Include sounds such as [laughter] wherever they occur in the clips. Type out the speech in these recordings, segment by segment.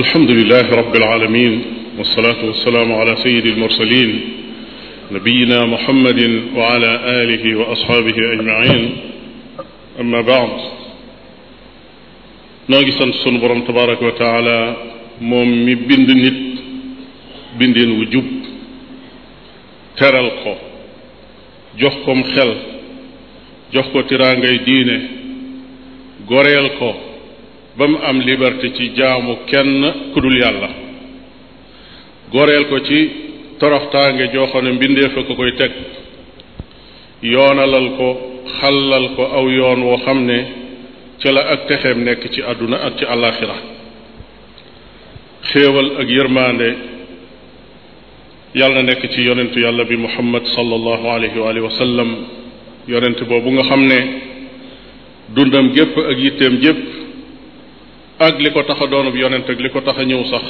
alhamdulilah rabil aalamiin wasalaatu wasalaamu ala sayyidi almursaliin nabiyina muhammadin wa ala aalihi wa asxaabihi ajmaïn amma baad noo ngi sant sunu borom tabaraka wa taala moom mi bind nit bindin wu jub teral ko jox kom xel jox ko tiraangay diine goreel ko. ba mu am liberté ci jaamu kenn ku dul yàlla goreel ko ci toroxtaange joxo xam ne mbindeef a ko koy teg yoonalal ko xallal ko aw yoon woo xam ne ca ak texeem nekk ci àdduna ak ci àllaaxira xéewal ak yërmaande yàlla na nekk ci yonentu yàlla bi muhammad sallallahu alayhi wa alihi wa sallam yonent boobu nga xam ne dundam gépp ak yitteem jépp ak li ko tax a doonub yonent ak li ko tax a ñëw sax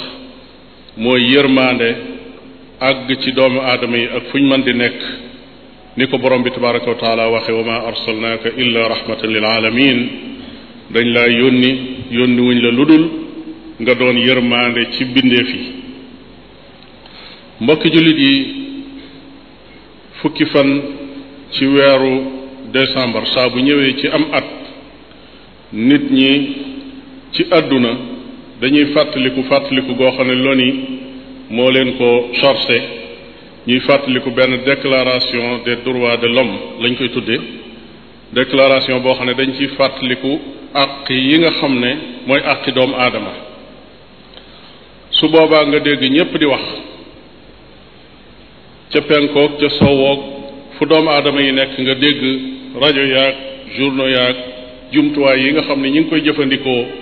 mooy yërmaande àgg ci doomu aadama yi ak fuñ mën di nekk ni ko borom bi tabaraka wa taala waxe wa ma arsalnaaka illa rahmatan lil alamin dañ laa yónni yónni la lu dul nga doon yërmaande ci bindeef yi mbokki jullit yi fukki fan ci weeru décembre saa bu ñëwee ci am at nit ñi ci àdduna dañuy fàttaliku fàttaliku goo xam ne loni moo leen ko chargé ñuy fàttaliku benn déclaration des droits de l'homme lañ koy tuddee déclaration boo xam ne dañ ciy fàttaliku àq yi nga xam ne mooy àqi doom aadama su boobaa nga dégg ñépp di wax ca penkoog ca sowoog fu doomu aadama yi nekk nga dégg rajo yaag journaux jumtuwaay yi nga xam ne ñi ngi koy jëfandikoo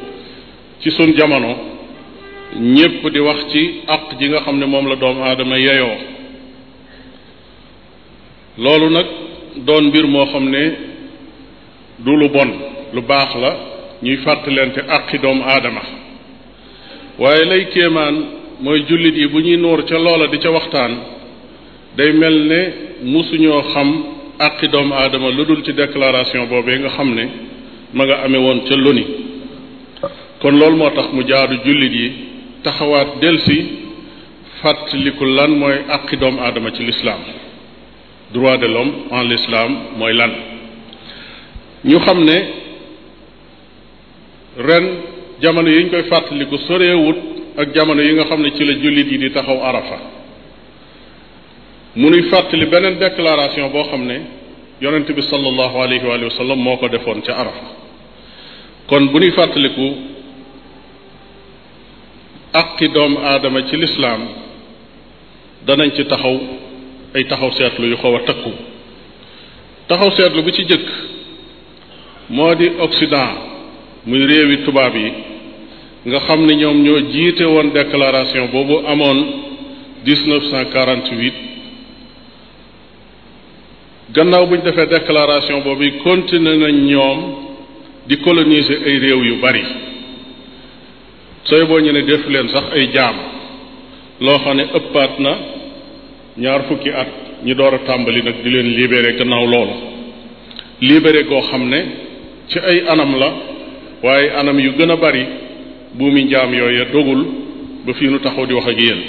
ci sun jamono ñépp di wax ci àq ji nga xam ne moom la doomu aadama yeyoo loolu nag doon mbir moo xam ne du lu bon lu baax la ñuy fàttalente àqi doomu aadama waaye lay kéemaan mooy jullit yi bu ñuy noor ca loola di ca waxtaan day mel ne musuñoo xam àqi doomu aadama lu dul ci déclaration boobee nga xam ne ma nga amee woon ca loni kon loolu moo tax mu jaadu jullit yi taxawaat delsi fàttaliku lan mooy àqi doomu aadama ci l'islam droit de l'homme en l'islam mooy lan ñu xam ne ren jamono yi ñu koy fàttaliku soreewut ak jamono yi nga xam ne ci la jullit yi di taxaw arafa mu nuy fàttali beneen déclaration boo xam ne yonent bi sallallahu alayhi wa moo ko defoon ca arafa kon bu ñuy fàttaliku aqi doomu aadama ci lislaam danañ ci taxaw ay taxaw seetlu yu xaw a takku taxaw seetlu bu ci jëkk moo di Occident muy réewi tubaab yi nga xam ni ñoom ñoo jiite woon déclaration boobu amoon 1948 gannaaw bu ñu defee déclaration boobu continué nañ ñoom di coloniser ay réew yu bari sooy boo ñu ne def leen sax ay jaam loo xam ne ëppaat na ñaar fukki at ñi door a tàmbali nag di leen libéré gannaaw loolu libéré goo xam ne ci ay anam la waaye anam yu gën a bari buumi njaam yooya dogul ba fii nu taxaw di wax ak yéen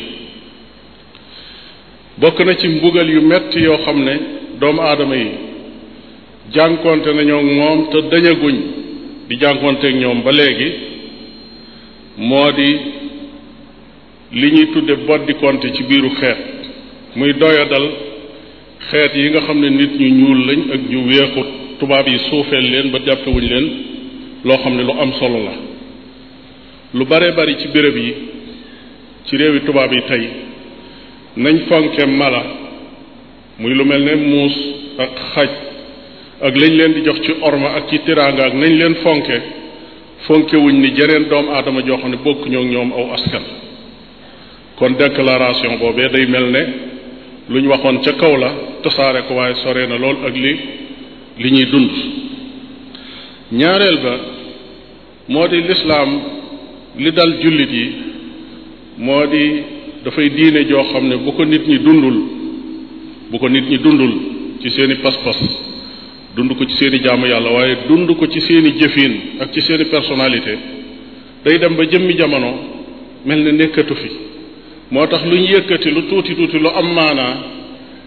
bokk na ci mbugal yu metti yoo xam ne doomu aadama yi jànkonte nañoo moom te dañaguñ di jànkonteeg ñoom ba léegi moo di li ñuy tudde boddikonte ci biiru xeet muy doyadal xeet yi nga xam ne nit ñu ñuul lañ ak ñu weexut tubaab yi suufeel leen ba jàppewuñ leen loo xam ne lu am solo la lu bare bari ci bërëb yi ci réewi tubaab yi tey nañ fonke mala muy lu mel ne muus ak xaj ak lañ leen di jox ci orma ak ci tiraanga ak nañ leen fonke fonkewuñ ni jeneen doomu aadama joo xam ne bokk ñoo ñoom aw askan kon déclaration boobee day mel ne lu ñu waxoon ca kaw la tasaare ko waaye sore na lool ak li li ñuy dund ñaareel ba moo di lislaam li dal jullit yi moo di dafay diine joo xam ne bu ko nit ñi dundul bu ko nit ñi dundul ci seeni pas-pas dund ko ci seen i jaamu yàlla waaye dund ko ci seen i jëfin ak ci seeni i day dem ba jëmmi jamono mel na nekkatu fi moo tax lu ñu yëkkati lu tuuti tuuti lu am maanaa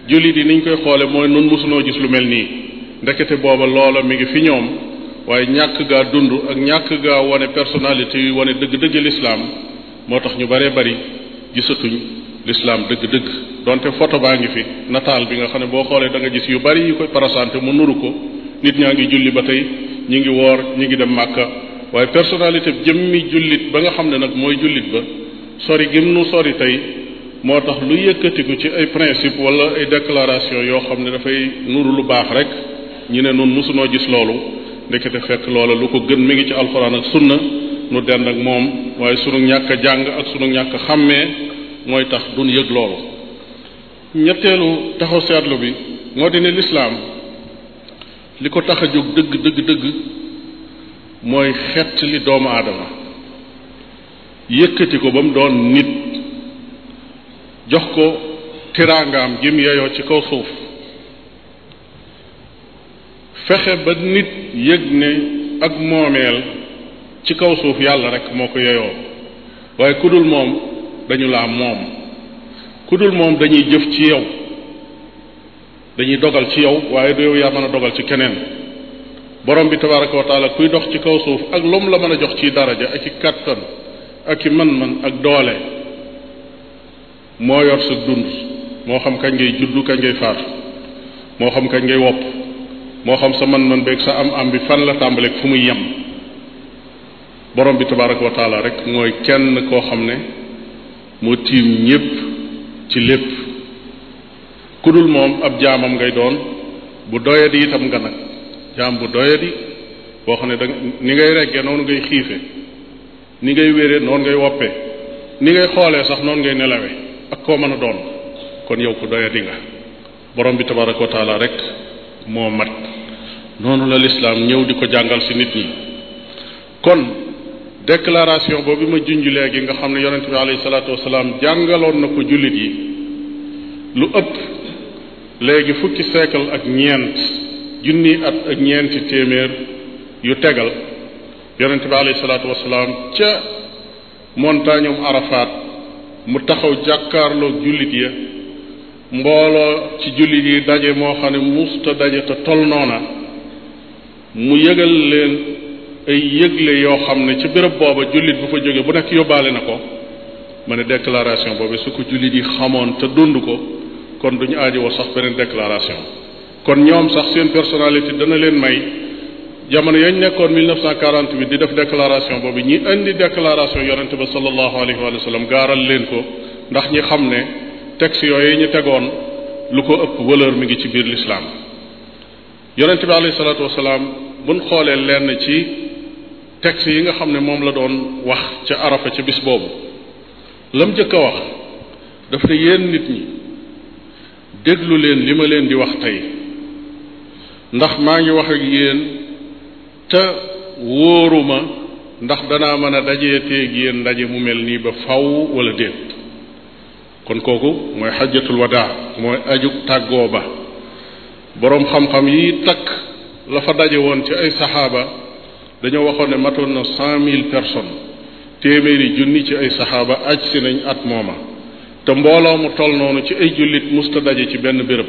jullit yi niñ koy xoole mooy nun mosunoo gis lu mel nii ndekete booba loola mi ngi fi ñoom waaye ñàkk gaa dund ak ñàkk gaa wane personnalité yu wane dëgg-dëgg lislaam moo tax ñu baree bari gisatuñu lislaam dëgg-dëgg donte photo baa ngi fi nataal bi nga xam ne boo xoolee da nga gis yu bari yu koy parasanté mu nuru ko nit ñaa ngi julli ba tey ñu ngi woor ñi ngi dem màkka waaye personnalité jëmmi jullit ba nga xam ne nag mooy jullit ba sori gim nu sori tey moo tax lu yëkkatiku ci ay principe wala ay déclaration yoo xam ne dafay nuru lu baax rek ñu ne nun mosunoo gis loolu ndekete fekk loola lu ko gën mi ngi ci alxuraan ak sunna nu dend ak moom waaye sunu ñàkk a jàng ak sunu ñàkk xàmmee mooy tax duñ yëg loolu ñetteelu taxaw seetlu bi moo di ne lislaam li ko tax a jóg dëgg dëgg dëgg mooy xett li doomu aadama yëkkati ko ba mu doon nit jox ko tiraangaam jim yeyoo ci kaw suuf fexe ba nit yëg ne ak moomeel ci kaw suuf yàlla rekk moo ko yeyoo waaye ku dul moom dañu laa moom ku dul moom dañuy jëf ci yow dañuy dogal ci yow waaye du yaa mën a dogal ci keneen borom bi tabaraka taala kuy dox ci kaw suuf ak lum la mën a jox ci daraja ak i kàttan ak i man-man ak doole moo yor sa dund moo xam kañ ngay juddu kañ ngay faatu moo xam kañ ngay wopp moo xam sa man-man beeg sa am-am bi fan la tàmbaleeg fu muy yem borom bi tabaraka taala rek mooy kenn koo xam ne moo tiim ñépp ci lépp ku dul moom ab jaamam ngay doon bu doyadi itam nga nag jaam bu doyadi boo xam ne da ni ngay reggee noonu ngay xiife ni ngay wéree noonu ngay woppe ni ngay xoolee sax noonu ngay nelawe ak koo mën a doon kon yow ku doyadi nga borom bi tabaraka wa taala rek moo mat noonu la lislaam ñëw di ko jàngal si nit ñi kon déclaration boobu ma junj léegi nga xam ne yonente bi alayhi salaatu wasalaam jàngaloon na ko jullit yi lu ëpp léegi fukki siècle ak ñeent junni at ak ñeenti téeméer yu tegal yonente bi alayhi salaatu wasalaam ca montagne um Arafat mu taxaw jàkkaarloog jullit ya mbooloo ci jullit yi daje moo xam ne musta daje te tol noona mu yëgal leen ay yëgle yoo xam ne ci béréb booba jullit bu fa jóge bu nekk yóbbaale na ko ma ne déclaration boobu su ko jullit yi xamoon te dund ko kon duñu aajowoo sax beneen déclaration kon ñoom sax seen personnalité dana leen may jamono yañ nekkoon 1948 di def déclaration boobu ñi indi déclaration yonente ba sallallahu alayhi wa sallam gaaral leen ko ndax ñi xam ne texte yooyu ñu tegoon lu ko ëpp valeur mi ngi ci biir lislaam yonente bi alayhi salaatu wasalaam buñ xoolee lenn ci texte yi nga xam ne moom la doon wax ca arafa ca bis boobu lam jëkk a wax daf ne yéen nit ñi déglu leen li ma leen di wax tey ndax maa ngi wax ak yéen te wóoruma ndax danaa mën a dajee teeg ndaje mu mel nii ba faw wala déet kon kooku mooy xajatul wadaa mooy aju tàggoo ba boroom xam-xam yi takk la fa daje woon ci ay saxaaba dañoo waxoon ne matoon na cent mille personnes téeméeri junni ci ay saxaaba aj si nañ at mooma te mbooloo mu toll noonu ci ay jullit musta daje ci benn béréb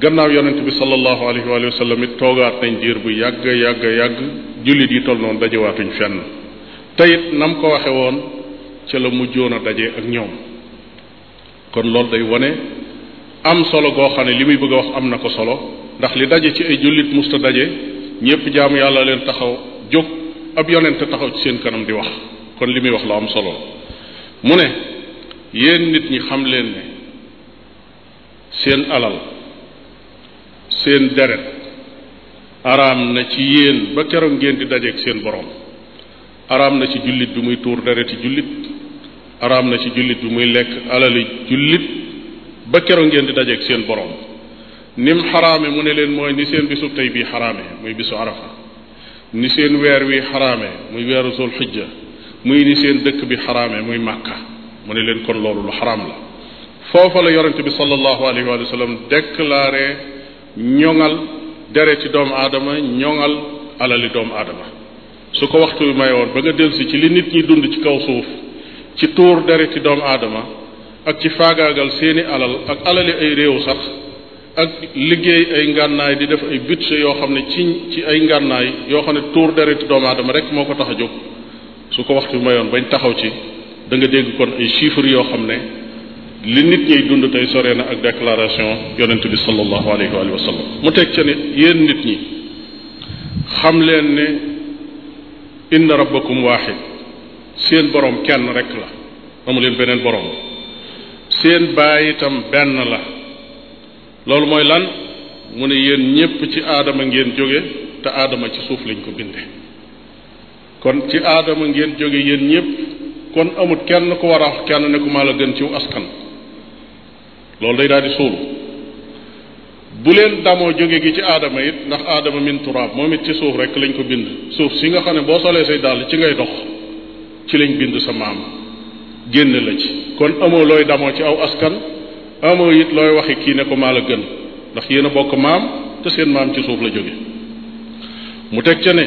gannaaw yonent bi sallallahu alayhi wa it toogaat nañ diir bu yàgg yàgg yàgg jullit yi toll noonu dajewaatuñ fenn teyit nam ko waxe woon ci la mujjoon a daje ak ñoom kon loolu day wane am solo goo xam ne li muy bëgg a wax am na ko solo ndax li daje ci ay jullit musta daje ñëpp jaamu yàlla leen taxaw jóg ab yonent taxaw ci seen kanam di wax kon li muy wax lu am solo mu ne yéen nit ñi xam leen ne seen alal seen deret araam na ci yéen ba keroog ngeen di dajeeg seen borom araam na ci jullit bi muy tuur dereti jullit araam na ci jullit bi muy lekk alali jullit ba keroog ngeen di dajeeg seen borom ni mu xaraame mu ne leen mooy ni seen bisub tey bii xaraame muy bisu arafa ni seen weer wi xaraame muy weeru zul xijja muy ni seen dëkk bi xaraame muy màkka mu ne leen kon loolu lu xaraam la foofa la yonente bi sallallahu alayhi wa ci doomu aadama ñoŋal alali doomu aadama su ko waxtu bi may woon ba nga delsi ci li nit ñi dund ci kaw suuf ci tuur deret ci doomu aadama ak ci faagaagal seeni alal ak alali ay réew sax ak liggéey ay ngànnaay di def ay budget yoo xam ne ci ci ay ngànnaay yoo xam ne tuur dereti doomu aadama rek moo ko tax a jóg su ko waxtu bi mayoon bañ taxaw ci danga nga dégg kon ay chiffres yoo xam ne li nit ñiy dund tey sore na ak déclaration yonent bi sallallahu alayhi wa sallam mu teg ca ne yéen nit ñi xam leen ne inna rabbakum waaxid seen borom kenn rek la amu leen beneen borom seen baay itam benn la loolu mooy lan mu ne yéen ñépp ci aadama ngeen jóge te aadama ci suuf lañ ko binde kon ci aadama ngeen jóge yéen ñépp kon amut kenn ku war a kenn ne ku maa la gën ciw askan loolu day daal di suulu bu leen damoo jóge gi ci aadama it ndax aadama min turaab moom it ci suuf rek lañ ko bind suuf si nga xam ne boo solee say dàll ci ngay dox ci lañ bind sa maam génn la ci kon amoo looy damoo ci aw askan amoo it looy waxe kii ne ko maa la gën ndax yéen a bokk maam te seen maam ci suuf la jóge mu teg ca ne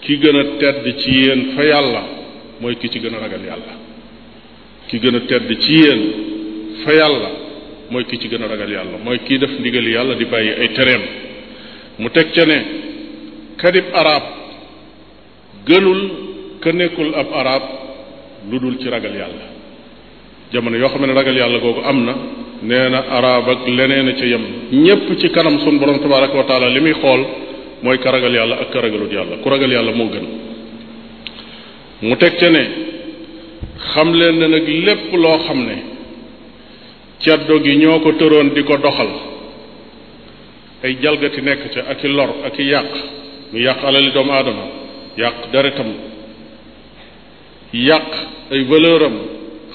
ki gën a tedd ci yéen fa yàlla mooy ki ci gën a ragal yàlla ki gën a tedd ci yéen fa mooy ki ci gën a ragal yàlla mooy kii def ndigali yàlla di bàyyi ay tereem mu teg ca ne kadib arab gënul ka nekkul ab arab lu dul ci ragal yàlla jamono yoo xam ne ragal yàlla googu am na nee na arab ak leneen a ca yem ñépp ci kanam sun borom tabaraka wa taala li muy xool mooy ka ragal yàlla ak ka ragalut yàlla ku ragal yàlla moo gën mu teg ca ne xam leen ne nag lépp loo xam ne caddo gi ñoo ko tëroon di ko doxal ay jalgati nekk ca ak i lor ak i yàq mu yàq alali doomu aadama yàq deretam yàq ay valeur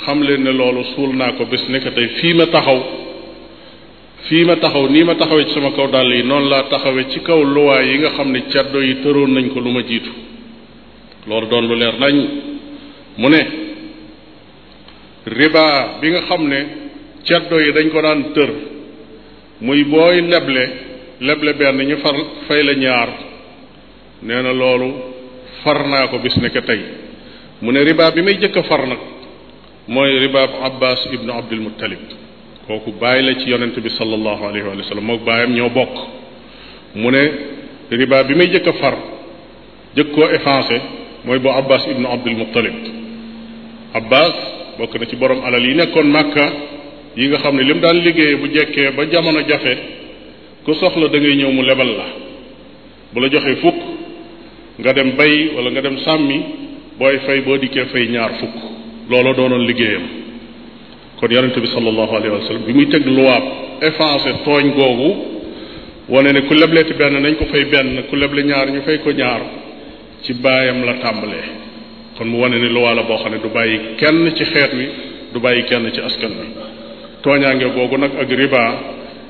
xam leen ne loolu suul naa ko bés nekk tey fii ma taxaw fii ma taxaw nii ma taxawee ci sama kaw dàll yi noonu laa taxawee ci kaw luwaay yi nga xam ne caddo yi tëroon nañ ko lu ma jiitu loolu doon lu leer nañ mu ne riba bi nga xam ne caddo yi dañ ko daan tër muy booy leble leble benn ñu far fay la ñaar nee na loolu far naa ko bis ne tey mu ne riba bi may jëkk far nag mooy ribaab abbas ibnu abdul muttalib kooku bàyyi la ci yonent bi sallallahu alayhi wa sallam mook baayam ñoo bokk mu ne ribaab bi may jëkk a far jëkk koo effacé mooy bu abbas ibnu abdul muttalib abbas bokk na ci borom alal yi nekkoon makka yi nga xam ne li mu daan liggéeye bu jekkee ba jamono jafe ku soxla da ngay ñëw mu lebal la bu la joxee fukk nga dem bay wala nga dem sàmmi booy fay boo dikkee fay ñaar fukk loola doonoon liggéeyam kon yonente bi sallallahu alayhi wa bi muy tëgg luwaab effacé tooñ googu wane ne ku lebleeti benn nañ ko fay benn ku leble ñaar ñu fay ko ñaar ci baayam la tàmbalee kon mu wane ne luwaa la boo xam ne du bàyyi kenn ci xeet wi du bàyyi kenn ci askan wi tooñaange googu nag ak riba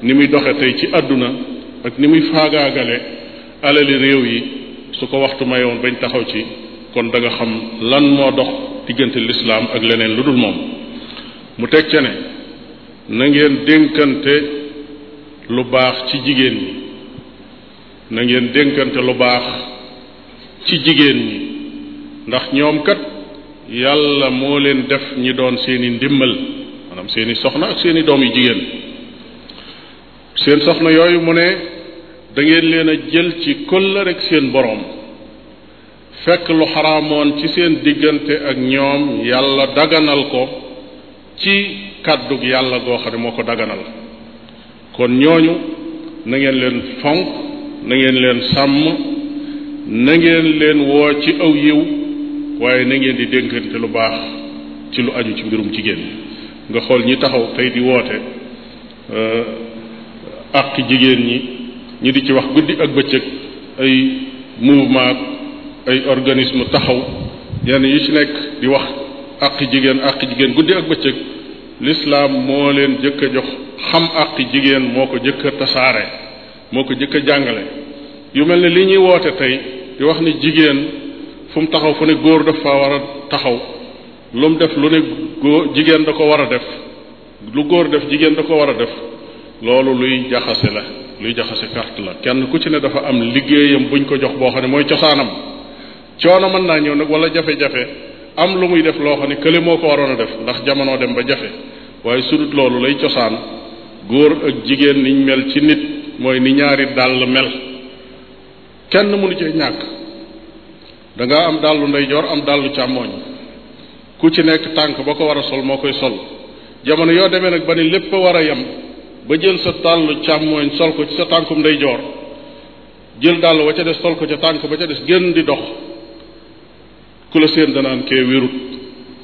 ni muy doxe tey ci àdduna ak ni muy faagaagale alali réew yi su ko waxtu mayoon bañ taxaw ci kon danga xam lan moo dox diggante lislaam ak leneen lu dul moom mu teg ne na ngeen dénkante lu baax ci jigéen ñi na dénkante lu baax ci jigéen ñi ndax ñoom kat yàlla moo leen def ñi doon seeni ndimmal maanaam seeni soxna ak seeni doom yu jigéen seen soxna yooyu mu ne dangeen leen a jël ci kóllëre ak seen boroom fekk lu xaraamoon ci seen diggante ak ñoom yàlla daganal ko ci kàddug yàlla goo xam ne moo ko daganal kon ñooñu na ngeen leen fonk na ngeen leen sàmm na ngeen leen woo ci aw yiw waaye na ngeen di dénkante lu baax ci lu aju ci mbirum jigéen nga xool ñi taxaw tey di woote euh, àq jigéen ñi ñi di ci wax guddi ak bëccëg ay mouvement ay organisme taxaw yenn yi ci nekk di wax àqi jigéen àqi jigéen guddi ak bëccëg lislaam moo leen jëkk a jox xam àqi jigéen moo ko jëkk tasaare moo ko jëkk a jàngale yu mel ni li ñuy woote tey di wax ne jigéen fu mu taxaw fu ne góor daf fa war a taxaw lu def lu ne góor jigéen da ko war a def lu góor def jigéen da ko war a def loolu luy jaxase la luy jaxase carte la kenn ku ci ne dafa am liggéeyam buñ ko jox boo xam ne mooy cosaanam coono mën naa ñëw nag wala jafe-jafe am lu muy def loo xam ne kële moo ko waroon a def ndax jamonoo dem ba jafe waaye sudut loolu lay cosaan góor ak jigéen niñ mel ci nit mooy ni ñaari dàll mel kenn mënu cee ñàkk dangaa am dàllu ndeyjoor am dàllu càmmooñ ku ci nekk tànk ba ko war a sol moo koy sol jamono yoo demee nag ba ne lépp a war a yem ba jël sa dàllu càmmoñ sol ko ci sa tànkum ndeyjoor jël dàll wa ca des sol ko ca tànk ba ca des génn di dox ku la seen danaan kee wérut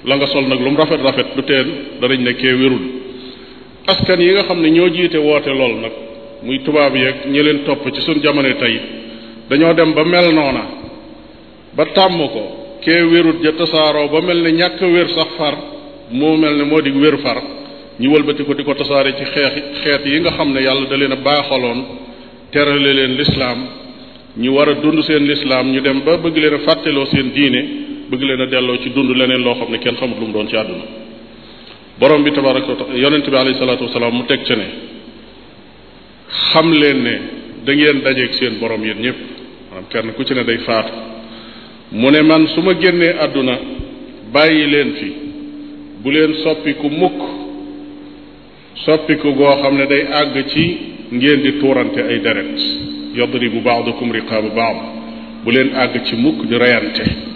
la nga sol nag lu mu rafet rafet du teen danañ ne kee wérul askan yi nga xam ne ñoo jiite woote lool nag muy tubaab yeeg ñi leen topp ci suñ jamono tey dañoo dem ba mel noona ba tàmm ko kee wérut ja tasaaroo ba mel ne ñàkk wér sax far moo mel ne moo di wér far ñu wëlbati ko di ko tasaare ci xeex xeet yi nga xam ne yàlla da leen a baaxaloon terale leen lislaam ñu war a dund seen lislaam ñu dem ba bëgg leen a fàttaloo seen diine bëgg leen a delloo ci dund leneen loo xam ne kenn xamut lu mu doon ci àdduna borom bi tabaraka wa taala yonent bi alayhi salaatu wasalaam mu teg ca ne xam leen ne da ngeen dajeeg seen borom yéen ñëpp maanaam kenn ku ci ne day faatu mu ne man su ma génnee àdduna bàyyi leen fi bu leen soppiku mukk soppiku goo xam ne day àgg ci ngeen di tuurante ay deret yadribu baadukum baax baad bu leen àgg ci mukk di reyante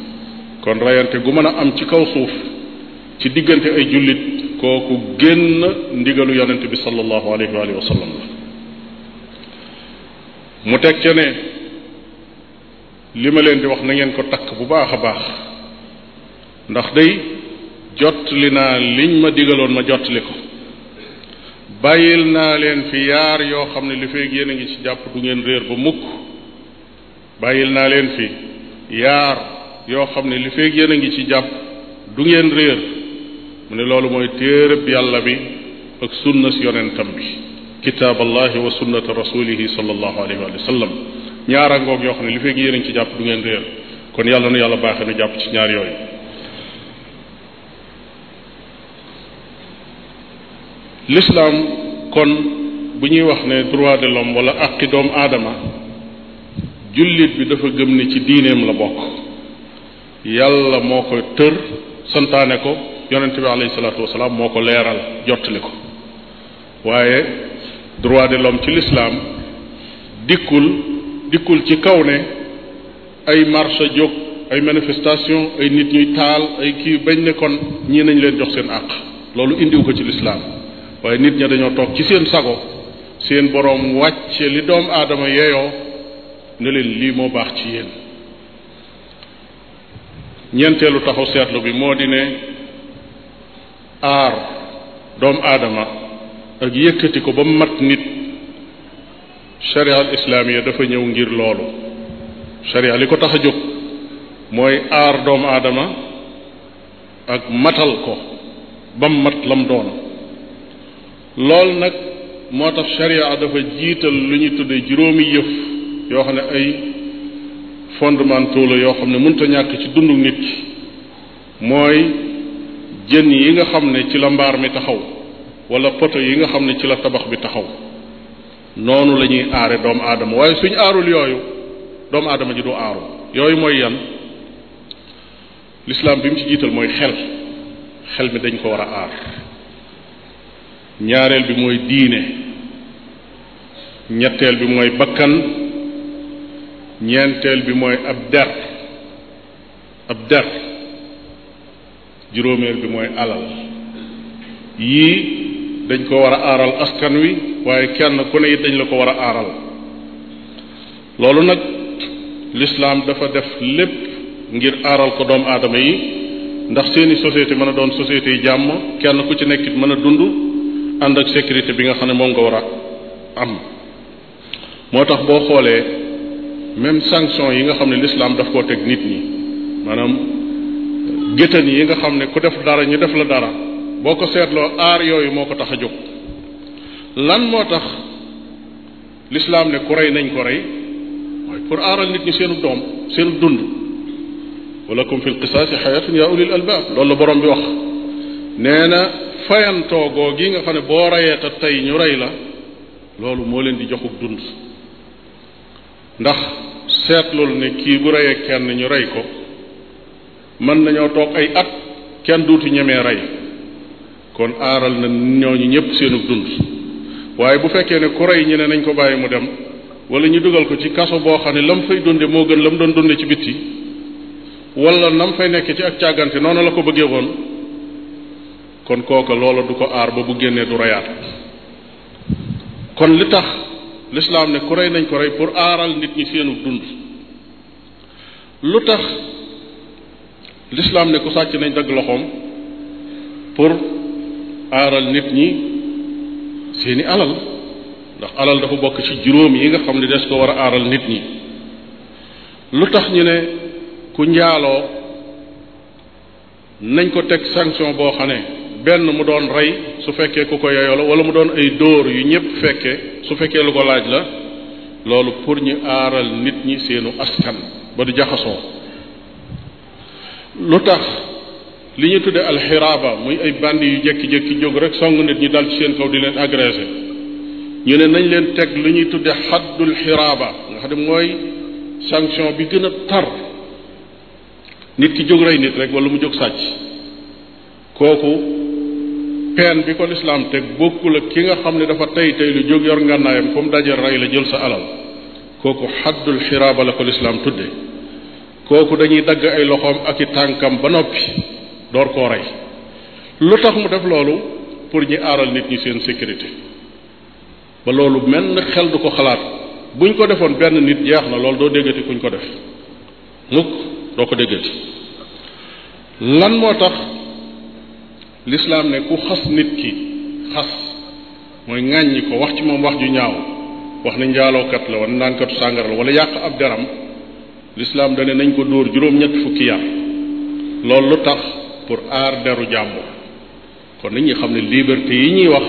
kon rayante gu mën a am ci kaw suuf ci diggante ay jullit kooku génn ndigalu yonent bi sallallahu alayhi wa alihi mu teg ca ne li ma leen di wax nangeen ko takk bu baax a baax ndax day jot naa liñ ma digaloon ma jot ko bàyyil naa leen fi yaar yoo xam ne li feeg yéen a ngi ci jàpp du ngeen réer ba mukk bàyyil naa leen fi yaar yoo xam ne li feeg yéen a ngi ci jàpp du ngeen réer mu ne loolu mooy téereb yàlla bi ak sunna si yonentam bi kitaab allahi wa sunnata rasulihi sallallahu alayhi wa sallam ñaara ngoog yoo xam ne li feeg yéen a ngi ci jàpp du ngeen réer kon yàlla na yàlla baaxe nu jàpp ci ñaar yooyu lislaam kon bu ñuy wax ne droit de l'homme wala aqi doomu aadama jullit bi dafa gëm ne ci diineem la bokk yàlla moo ko tër santaane ko yonente bi alayhi salaatu wasalaam moo ko leeral jottali ko waaye droit de l'homme ci lislaam dikkul dikkul ci kaw ne ay marche a jóg ay manifestation ay nit ñuy taal ay kii bañ ne kon ñii nañ leen jox seen àq loolu indiw ko ci lislaam waaye nit ña dañoo toog ci seen sago seen boroom wàcce li doom aadama yeeyoo ne leen lii moo baax ci yéen ñeenteelu taxu seetlu bi moo di ne aar doomu aadama ak yëkkati ko ba mu mat nit sharia al islaamiya dafa ñëw ngir loolu sharia li ko tax a jóg mooy aar doomu aadama ak matal ko ba mat lam doon loolu nag moo tax sharia dafa jiital lu ñu tuddee juróomi yëf yoo xam ne ay fondamentaux la yoo xam ne mënta ñàkk ci dundu nit ki mooy jën yi nga xam ne ci la mbaar mi taxaw wala poto yi nga xam ne ci la tabax bi taxaw noonu la ñuy aare doomu aadama waaye suñ aarul yooyu doomu aadama ji du aaru yooyu mooy yan lislaam bi mu ci jiital mooy xel xel mi dañ ko war a aar ñaareel bi mooy diine ñetteel bi mooy bakkan ñeenteel bi mooy ab der ab der juróomeel bi mooy alal yii dañ ko war a aaral askan wi waaye kenn ku ne it dañ la ko war a aaral loolu nag lislaam dafa def lépp ngir aaral ko doomu aadama yi ndax seeni société mën a doon société yi jàmm kenn ku ci nekk mën a dund ànd ak sécurité bi nga xam ne moom nga war a am moo tax boo xoolee même sanction yi nga xam ne l'islam daf koo teg nit ñi maanaam géttan yi nga xam ne ku def dara ñu def la dara boo ko seetloo aar yooyu moo ko tax a jóg lan moo tax l'islam ne ku rey nañ ko rey pour aaral nit ñi seenu doom seenu dund walakum fi lqisaasi xayatun yaa ulil albaab loolu la borom bi wax nee na fayantoogoo gi nga xam ne boo reyee te tey ñu rey la loolu moo leen di joxuk dund ndax seetlul ne kii bu reyee kenn ñu rey ko mën nañoo toog ay at kenn duuti ñemee rey kon aaral na ñooñu ñëpp seenub dund waaye bu fekkee ne ku rey ñi ne nañ ko bàyyi mu dem wala ñu dugal ko ci kaso boo xam ne lam fay dunde moo gën lam doon dunde ci bitti wala nam fay nekk ci ak càggante noonu la ko bëggee woon kon kooka loola du ko aar ba bu génnee du reyaat kon li tax lislaam ne ku rey nañ ko rey pour aaral nit ñi seenu dund lu tax lislaam ne ku sàcc nañ dagg loxoom pour aaral nit ñi seeni alal ndax alal dafa bokk ci juróom yi nga xam ne des ko war a aaral nit ñi lu tax ñu ne ku njaaloo nañ ko teg sanction boo xam ne benn mu doon rey su fekkee ku ko yeyoo la wala mu doon ay dóor yu ñëpp fekkee su fekkee lu ko laaj la loolu pour ñu aaral nit ñi seenu askan ba du jaxasoo lu tax li ñu tudde alxiraaba muy ay bandi yu jékki jóg rek song nit ñi dal seen kaw di leen agressé ñu nañ leen teg lu ñuy tudde xaddul xiraaba nga mooy sanction bi gën a tar nit ki jóg rey nit rek wala mu jóg sàcc kooku peen bi ko lislaam teg bokkul ak ki nga xam ne dafa tey tey lu jóg yor ngànnaayam comme dajal rey la jël sa alal kooku xaddul xiraaba la ko lislaam tudde kooku dañuy dagg ay loxoom ak i tànkam ba noppi door koo rey lu tax mu def loolu pour ñi aaral nit ñi seen sécurité ba loolu menn xel du ko xalaat buñ ko defoon benn nit jeex na loolu doo déggati kuñ ko def mukk doo ko déggati lan moo tax lislaam ne ku xas nit ki xas mooy ŋàññi ko wax ci moom wax ju ñaaw wax ne njaalookat la wala naankatu sàngara la wala yàq ab deram lislaam dane nañ ko dóor juróom-ñett fukki yar loolu lu tax pour aar deru jàmbur kon nit ñi xam ne liberté yi ñuy wax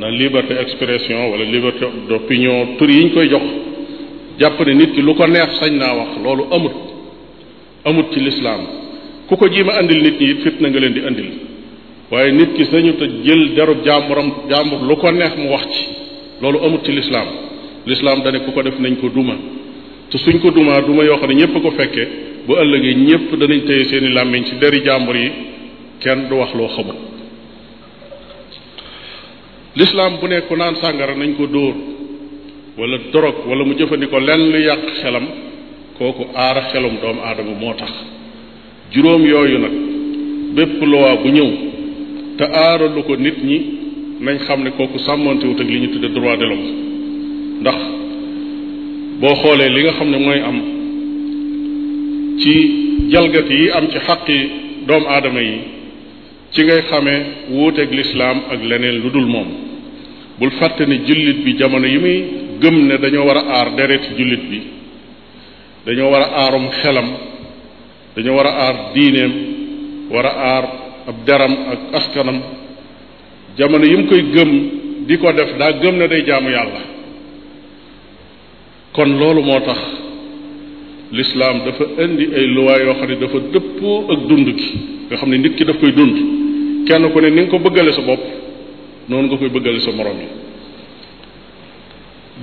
na liberté expression wala liberté d'opinion tur yi ñu koy jox jàpp nit ki lu ko neex sañ naa wax loolu amut amut ci lislaam ku ko ma andil nit ñi it fit na nga leen di andil waaye nit ki nañu te jël derub jàmburam jàmbur lu ko neex mu wax ci loolu amut ci lislaam lislaam dane ku ko def nañ ko duma te suñ ko dumaa duma yoo xam a ñépp ko fekke bu yi ñépp danañ téye seeni làmmiñ ci deri jàmbur yi kenn du wax loo xamul lislaam bu nekku naan sàngara nañ ko dóor wala dorog wala mu jëfandikoo lenn lu yàq xelam kooku aara xelum doomu aadama moo tax juróom yooyu nag bépp loi bu ñëw te aaralu ko nit ñi nañ xam ne kooku sàmmantewut ak li ñu tudde droit de l'homme ndax boo xoolee li nga xam ne mooy am ci jalgati yi am ci xaqi doomu aadama yi ci ngay xamee wuuteeg lislaam ak leneen lu dul moom bul fàtte ne jullit bi jamono yi muy gëm ne dañoo war a aar deret jullit bi dañoo war a aarum xelam dañoo war a aar diineem war a aar ab deram ak askanam jamono yi mu koy gëm di ko def daa gëm ne day jaamu yàlla kon loolu moo tax lislaam dafa indi ay luwaa yoo xam ne dafa dëppoo ak dund gi nga xam ne nit ki daf koy dund kenn ku ne ni nga ko bëggale sa bopp noonu nga koy bëggale sa moroom yi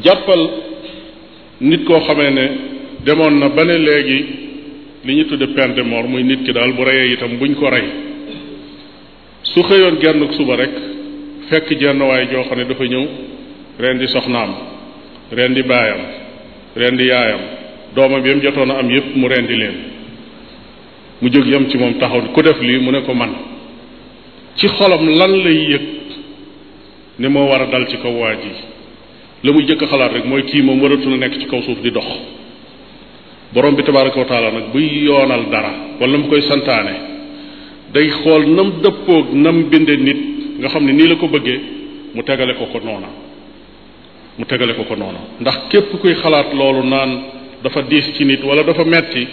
jàppal nit koo xamee ne demoon na ba ne léegi li ñu tudde peine de muy nit ki daal bu reyee itam buñ ko rey su xëyoon gennuk suba rek fekk jenn waay joo xam ne dafa ñëw ren di soxnaam ren di baayam ren di yaayam doomam yam jotoon a am yépp mu ren leen mu jóg yam ci moom taxaw ku def lii mu ne ko man ci xolam lan lay yëg ne moo war a dal ci kaw waa ji la muy jëkk xalaat rek mooy kii moom waratu na nekk ci kaw suuf di dox borom bi tabaraka wa taala nag buy yoonal dara wala mu koy santaane day xool nam dëppoog nam binde nit nga xam ne nii la ko bëggee mu tegale ko ko noona mu tegale ko ko noona ndax képp kuy xalaat loolu naan dafa diis ci nit wala dafa metti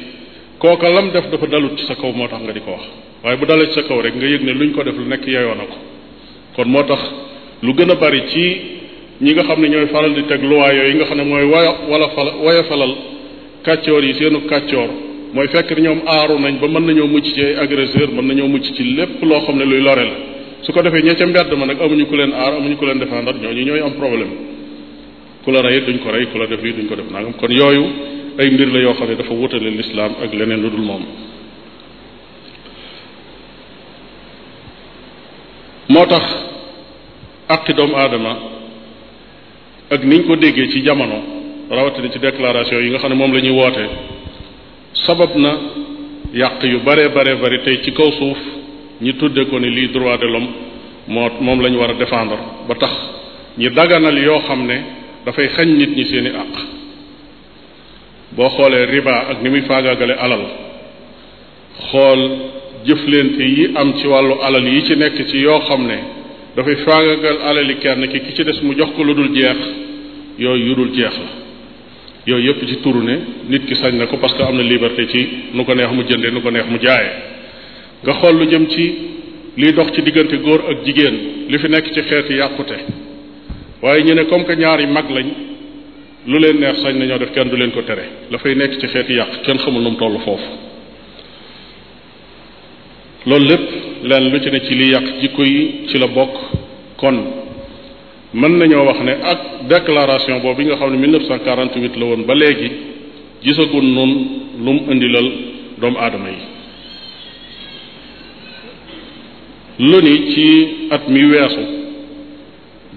kooka lam def dafa dalut ci sa kaw moo tax nga di ko wax waaye bu dalee ci sa kaw rek nga yëg ne luñ ko def lu nekk yeyoo ko kon moo tax lu gën a bari ci ñi nga xam ne ñooy faral di teg waaye yooyu nga xam ne mooy woyo wala fal falal kàccoor yi seenu kàccoor mooy fekk ñoom aaru nañ ba mën nañoo mucc ci ay agresseur mën nañoo mucc ci lépp loo xam ne luy lore la su ko defee ña ca mbedd ma nag amuñu ku leen aar amuñu ku leen défendre ñooñu ñooy am problème ku la rey duñ ko rey ku la def lii duñ ko def nangam kon yooyu ay mbir la yoo xam ne dafa wutale lislaam ak leneen lu dul moom moo tax aqi doomu aadama ak niñ ko déggee ci jamono rawatina ci déclaration yi nga xam ne moom la ñuy woote sabab na yàq yu bare bare bari tey ci kaw suuf ñi tudde ko ni lii droit de l'homme moo moom lañu ñu war a défendre ba tax ñi daganal yoo xam ne dafay xañ nit ñi seeni àq boo xoolee riba ak ni muy faagaagale alal xool jëflente yi am ci wàllu alal yi ci nekk ci yoo xam ne dafay faagaagal alali kenn ki ki ci des mu jox ko lu dul jeex yooyu yu dul jeex la yooyu yëpp ci turu ne nit ki sañ na ko parce que am na liberté ci nu ko neex mu jëndee nu ko neex mu jaayee nga xool lu jëm ci liy dox ci diggante góor ak jigéen li fi nekk ci xeeti yàqute waaye ñu ne comme que ñaar yi mag lañ lu leen neex sañ nañoo def kenn du leen ko tere dafay nekk ci xeeti yàq kenn xamul nu mu toll foofu loolu lépp leen lu ci ne ci liy yàq jikko yi ci la bokk kon mën nañoo wax ne ak déclaration boobu yi nga xam ne 1948 la woon ba léegi gisagun nun lu mu indilal doomu aadama yi loni ci at mi weesu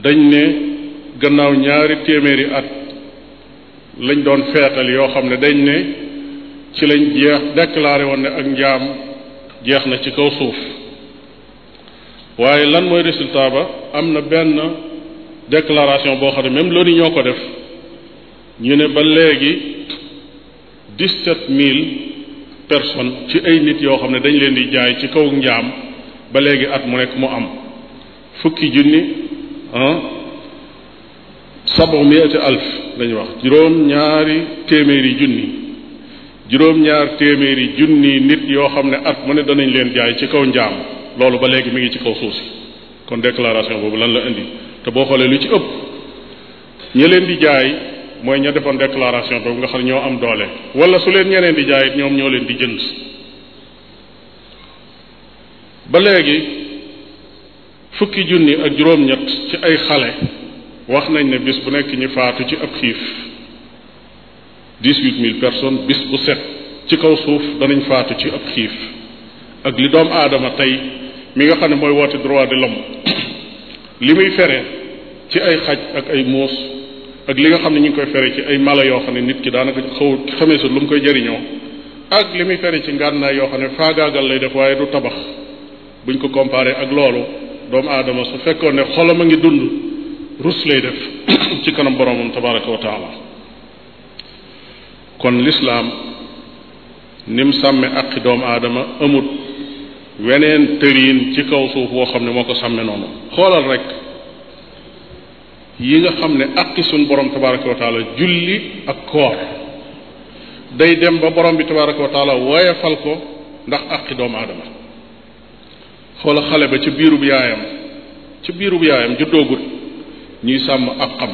dañ ne gannaaw ñaari téeméeri at lañ doon feetal yoo xam ne dañ ne ci lañ jeex déclaré woon ne ak njaam jeex na ci kaw suuf waaye lan mooy résultat ba am na benn déclaration boo xam ne même loolu ñoo ko def ñu ne ba léegi dix-sept mille personnes ci ay nit yoo xam ne dañ leen di jaay ci kaw njaam ba léegi at mu mu am fukki junni ah sabu miati alf lañu juróom ñaari téeméeri junni juróom ñaar téeméeri junni nit yoo xam ne at mu ne danañ leen jaay ci kaw njaam loolu ba léegi mi ngi ci kaw suuf kon déclaration boobu lan la indi te boo xoolee lu ci ëpp ñi leen di jaay mooy ña defoon déclaration boobu nga xam ne ñoo am doole wala su leen ñeneen di jaay ñoom ñoo leen di jënd ba léegi fukki junni ak juróom-ñett ci ay xale wax nañ ne bis bu nekk ñi faatu ci ab xiif dix-huit mille personnes bis bu set ci kaw suuf danañ faatu ci ab xiif ak li doom aadama tey mi nga xam ne mooy woote droit de l'homme li muy fere ci ay xaj ak ay muus ak li nga xam ne ñu ngi koy fere ci ay mala yoo xam ne nit ki daanaka xaw xamee su lu mu koy jariñoo ak li muy fere ci ngànnaay yoo xam ne faagaagal lay def waaye du tabax buñ ko comparé ak loolu doomu aadama su fekkoon ne xolam a ngi dund rus lay def [coughs] ci kanam boromam tabaraka wa taala kon lislaam nim sàmmee aqi doomu aadama amut weneen tëriin ci kaw suuf woo xam ne moo ko sàmme noonu xoolal rek yi nga xam ne aqi suñ borom tabaraka wa taala julli ak koor day dem ba borom bi tabaraka wa taala woyefal ko ndax aqi doomu aadama xoola xale ba ci biirub yaayam ci biiru biirub yaayam juddoogut ñuy sàmm aqam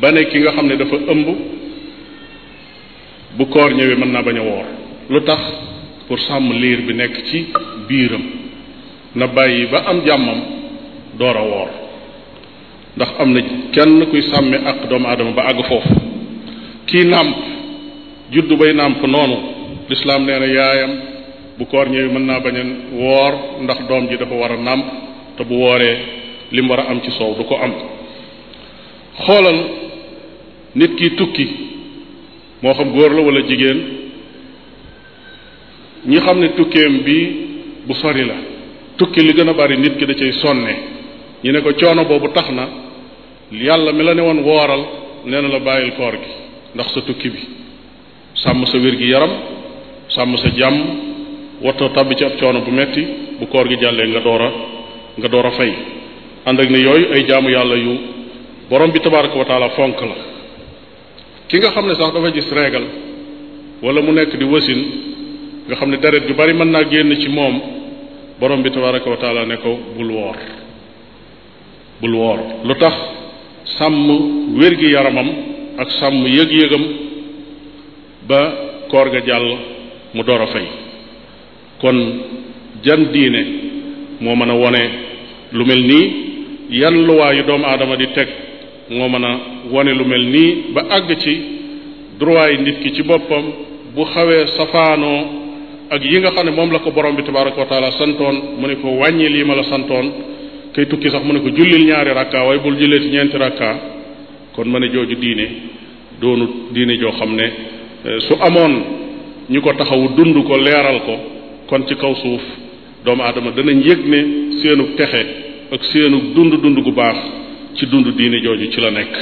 ba nekk ki nga xam ne dafa ëmb bu koor ñëwee mën naa bañ a woor lu tax pour sàmm liir bi nekk ci biiram na bàyyi ba am jàmmam door a woor ndax am na kenn kuy sàmme ak doomu aadama ba àgg foofu kii nàmp juddu bay nàmp noonu lislaam nee yaayam bu koor ñëwee mën naa bañ woor ndax doom ji dafa war a nàmp te bu wooree lim war a am ci soow du ko am xoolal nit ki tukki moo xam góor la wala jigéen ñi xam ne tukkeem bi bu sori la tukki li gën a bari nit ki da cay sonne ñu ne ko coono boobu tax na yàlla mi la ne woon wooral nee na la bàyyil koor gi ndax sa tukki bi sàmm sa wér gi yaram sàmm sa jàmm wattoo tàbbi ci ab coono bu metti bu koor gi jàllee nga door a nga door a fay ànd ak ne yooyu ay jaamu yàlla yu borom bi tabaraka wa taala fonk la ki nga xam ne sax dafa gis reegal wala mu nekk di wasin nga xam ne deret ju bari mën naa génn ci moom borom bi tabaraka wa ne ko bul woor bul woor lu tax sàmm wér-gi yaramam ak sàmm yëg-yëgam ba koor ga jàll mu door a fay kon jan diine moo mën a wone lu mel nii yan luwaayu doomu aadama di teg moo mën a wone lu mel nii ba àgg ci droit yi nit ki ci boppam bu xawee safaanoo ak yi nga xam ne moom la ko borom bi tabaraka wa taala santoon mu ne ko wàññi lii ma la santoon kay tukki sax mu ne ko jullil ñaari rakka waaye bul jullee ci ñeenti rakka kon ma ne jooju diine doonu diine joo xam ne eh, su amoon ñu ko taxawu dund ko leeral ko kon ci kaw suuf doomu aadama danañ yëg ne seenu texe ak seenu dund dund gu baax ci dund diine jooju ci la nekk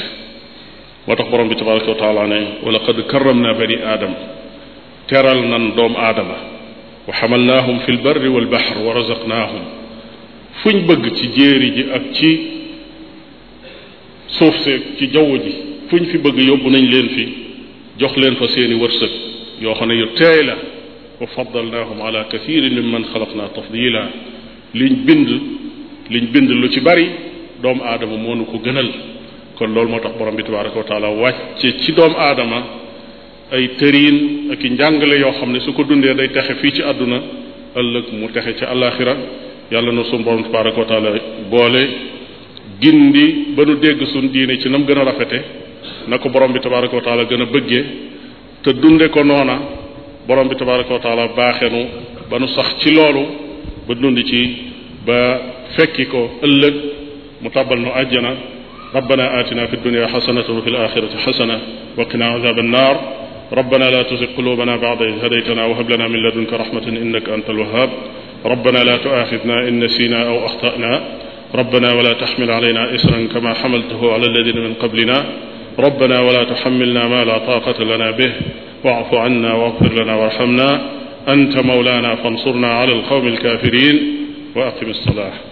moo tax borom bi tabaraka wa taala ne wa laqad karramna bani aadama teral nan doomu aadama wa xamalnaahum fi lbarri walbaxr wa razaqnaahum fuñ bëgg ci jéeri ji ak ci suuf seeg ci jaww ji fuñ fi bëgg yóbbu nañ leen fi jox leen fa seeni wërsëg yoo xam ne yu teey la wa faddalnaahum ala kathirin min man xalaqna tafdila liñ bind liñ bind lu ci bari doom aadama moo nu ko gënal kon loolu moo tax borom bi tabaraka wa taala wàcce ci doomu aadama ay tëriin ak i njàngale yoo xam ne su ko dundee day texe fii ci àdduna ëllëg mu texe ci àllaaxira yàlla na suñu borom tabaraka wa taala boole gindi ba nu dégg suñ diine ci nam gën a rafete na ko borom bi tabaraka wa taala gën a bëggee te dunde ko noona borom bi tabaraka wa taala baaxenu ba nu sax ci loolu ba dund ci ba fekki ko ëllëg mu tàbbal nu àjjana rabbana atina fi dunia xasanatan wa fi l xasana wa qina azaba annar ربنا لا تزغ قلوبنا بعد إذ هديتنا وهب لنا من لدنك رحمة إنك أنت الوهاب ربنا لا تؤاخذنا إن نسينا أو أخطأنا ربنا ولا تحمل علينا إسرا كما حملته على الذين من قبلنا ربنا ولا تحملنا ما لا طاقة لنا به واعف عنا واغفر لنا وارحمنا أنت مولانا فانصرنا على القوم الكافرين وأقم الصلاة